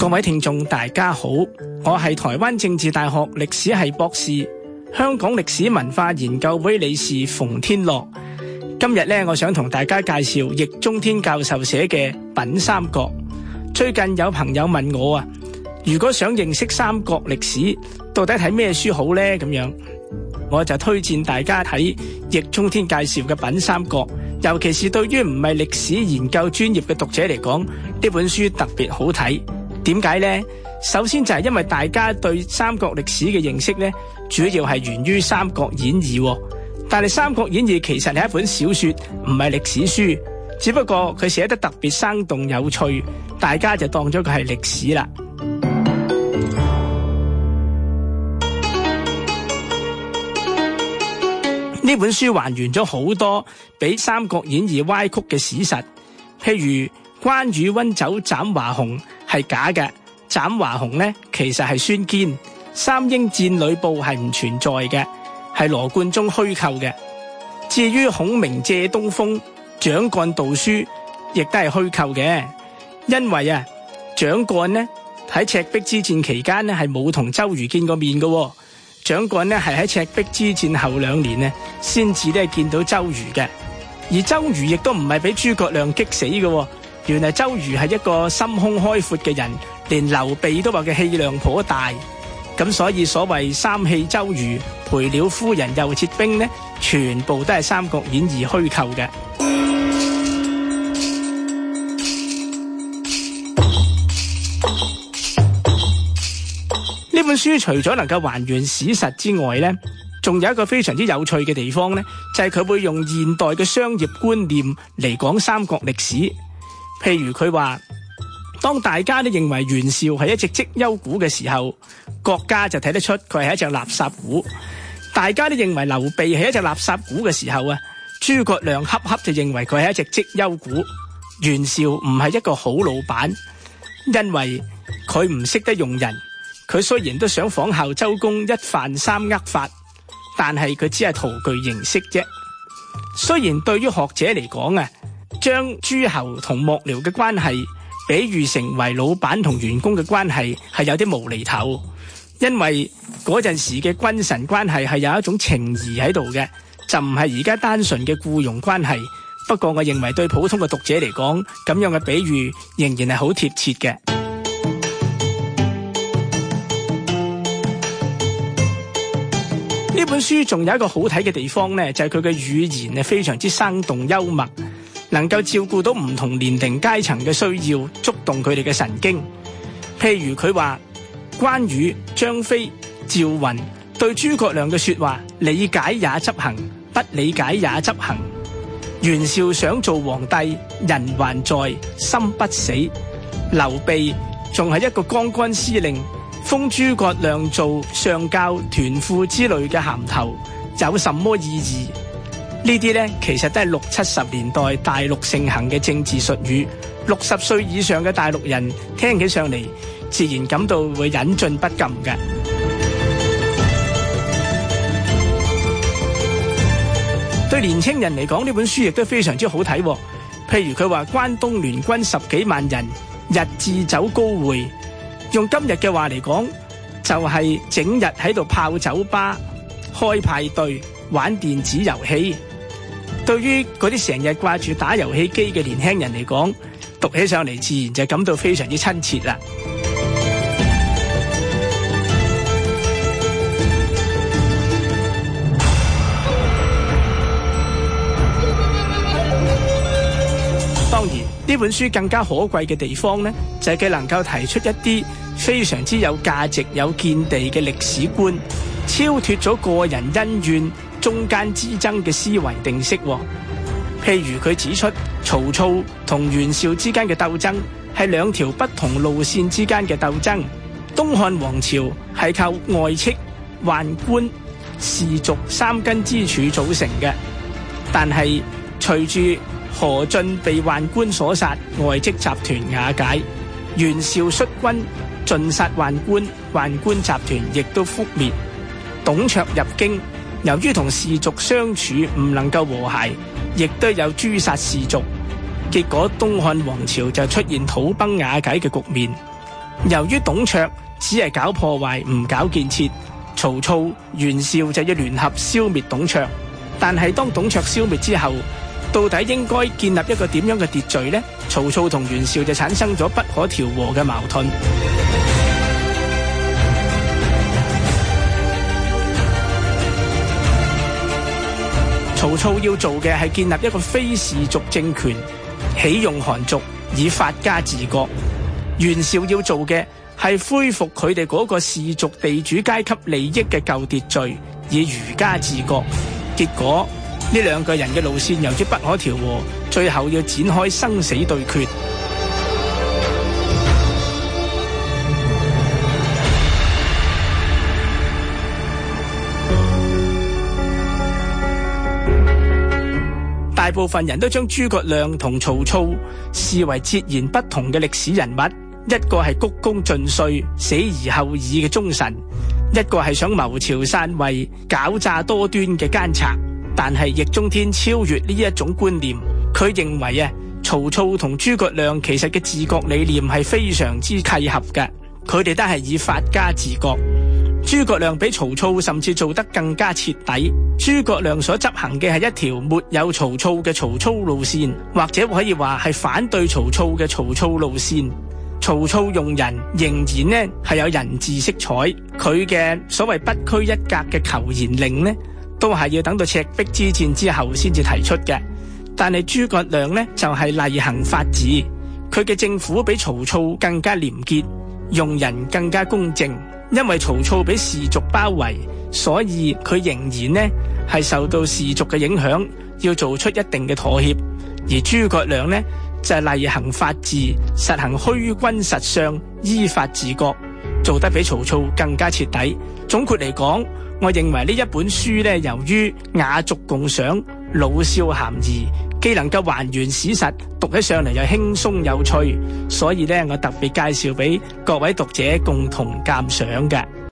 各位聽眾，大家好，我係台灣政治大學歷史系博士，香港歷史文化研究會理事馮天樂。今日咧，我想同大家介紹易中天教授寫嘅《品三國》。最近有朋友問我啊，如果想認識三國歷史，到底睇咩書好咧？咁樣我就推薦大家睇易中天介紹嘅《品三國》，尤其是對於唔係歷史研究專業嘅讀者嚟講，呢本書特別好睇。點解呢？首先就係因為大家對三國歷史嘅認識咧，主要係源於《三國演義》哦。但係《三國演義》其實係一本小說，唔係歷史書。只不過佢寫得特別生動有趣，大家就當咗佢係歷史啦。呢 本書還原咗好多畀《三國演義》歪曲嘅史實，譬如關羽温酒斬華雄。係假嘅，斬華雄呢，其實係孫堅，三英戰呂布係唔存在嘅，係羅貫中虛構嘅。至於孔明借東風、蔣幹盜書，亦都係虛構嘅。因為啊，蔣幹呢喺赤壁之戰期間呢係冇同周瑜見過面嘅、哦，蔣幹呢係喺赤壁之戰後兩年呢先至咧見到周瑜嘅，而周瑜亦都唔係俾諸葛亮激死嘅、哦。原嚟周瑜係一個心胸開闊嘅人，連劉備都話佢氣量頗大。咁所以所謂三氣周瑜、賠了夫人又折兵，呢全部都係三國演義虛構嘅。呢 本書除咗能夠還原史實之外，呢仲有一個非常之有趣嘅地方，呢就係、是、佢會用現代嘅商業觀念嚟講三國歷史。譬如佢話，當大家都認為袁紹係一隻績優股嘅時候，郭嘉就睇得出佢係一隻垃圾股；大家都認為劉備係一隻垃圾股嘅時候啊，諸葛亮恰恰就認為佢係一隻績優股。袁紹唔係一個好老闆，因為佢唔識得用人。佢雖然都想仿效周公一飯三握髮，但係佢只係徒具形式啫。雖然對於學者嚟講啊。將諸侯同幕僚嘅關係比喻成為老闆同員工嘅關係，係有啲無厘頭，因為嗰陣時嘅君臣關係係有一種情誼喺度嘅，就唔係而家單純嘅雇傭關係。不過我認為對普通嘅讀者嚟講，咁樣嘅比喻仍然係好貼切嘅。呢 本書仲有一個好睇嘅地方呢，就係佢嘅語言係非常之生動幽默。能夠照顧到唔同年齡階層嘅需要，觸動佢哋嘅神經。譬如佢話關羽、張飛、趙雲對諸葛亮嘅說話理解也執行，不理解也執行。袁紹想做皇帝，人還在，心不死。劉備仲係一個將軍司令，封諸葛亮做上校團副之類嘅銜頭，有什麼意義？呢啲呢，其實都係六七十年代大陸盛行嘅政治術語。六十歲以上嘅大陸人聽起上嚟，自然感到會忍俊不禁嘅。對年輕人嚟講，呢本書亦都非常之好睇，哦。譬如佢話，關東聯軍十幾萬人日置酒高會，用今日嘅話嚟講，就係、是、整日喺度泡酒吧、開派對、玩電子遊戲。對於嗰啲成日掛住打遊戲機嘅年輕人嚟講，讀起上嚟自然就感到非常之親切啦。 當然，呢本書更加可貴嘅地方呢，就係佢能夠提出一啲非常之有價值、有見地嘅歷史觀，超脫咗個人恩怨。中間之爭嘅思維定式、哦，譬如佢指出曹操同袁紹之間嘅鬥爭係兩條不同路線之間嘅鬥爭。東漢王朝係靠外戚、宦官、士族三根支柱組成嘅，但係隨住何進被宦官所殺，外戚集團瓦解；袁紹率軍盡殺宦官，宦官集團亦都覆滅。董卓入京。由於同士族相處唔能夠和諧，亦都有誅殺士族，結果東漢王朝就出現土崩瓦解嘅局面。由於董卓只係搞破壞唔搞建設，曹操、袁紹就要聯合消滅董卓。但係當董卓消滅之後，到底應該建立一個點樣嘅秩序呢？曹操同袁紹就產生咗不可調和嘅矛盾。曹操要做嘅係建立一個非氏族政權，起用韓族，以法家治國；袁紹要做嘅係恢復佢哋嗰個氏族地主階級利益嘅舊秩序，以儒家治國。結果呢兩個人嘅路線由於不可調和，最後要展開生死對決。大部分人都將諸葛亮同曹操視為截然不同嘅歷史人物，一個係鞠躬盡瘁死而後已嘅忠臣，一個係想謀朝篡位狡詐多端嘅奸賊。但係易中天超越呢一種觀念，佢認為啊，曹操同諸葛亮其實嘅治國理念係非常之契合嘅，佢哋都係以法家治國。諸葛亮比曹操甚至做得更加徹底。諸葛亮所執行嘅係一條沒有曹操嘅曹操路線，或者可以話係反對曹操嘅曹操路線。曹操用人仍然呢係有人治色彩，佢嘅所謂不拘一格嘅求賢令呢，都係要等到赤壁之戰之後先至提出嘅。但係諸葛亮呢就係、是、厲行法治，佢嘅政府比曹操更加廉潔，用人更加公正。因為曹操俾士族包圍，所以佢仍然呢係受到士族嘅影響，要做出一定嘅妥協。而諸葛亮呢，就係厲行法治，實行虛君實相，依法治國，做得比曹操更加徹底。總括嚟講，我認為呢一本書呢，由於雅俗共賞，老少咸宜。既能夠還原史實，讀起上嚟又輕鬆有趣，所以呢，我特別介紹俾各位讀者共同鑒賞嘅。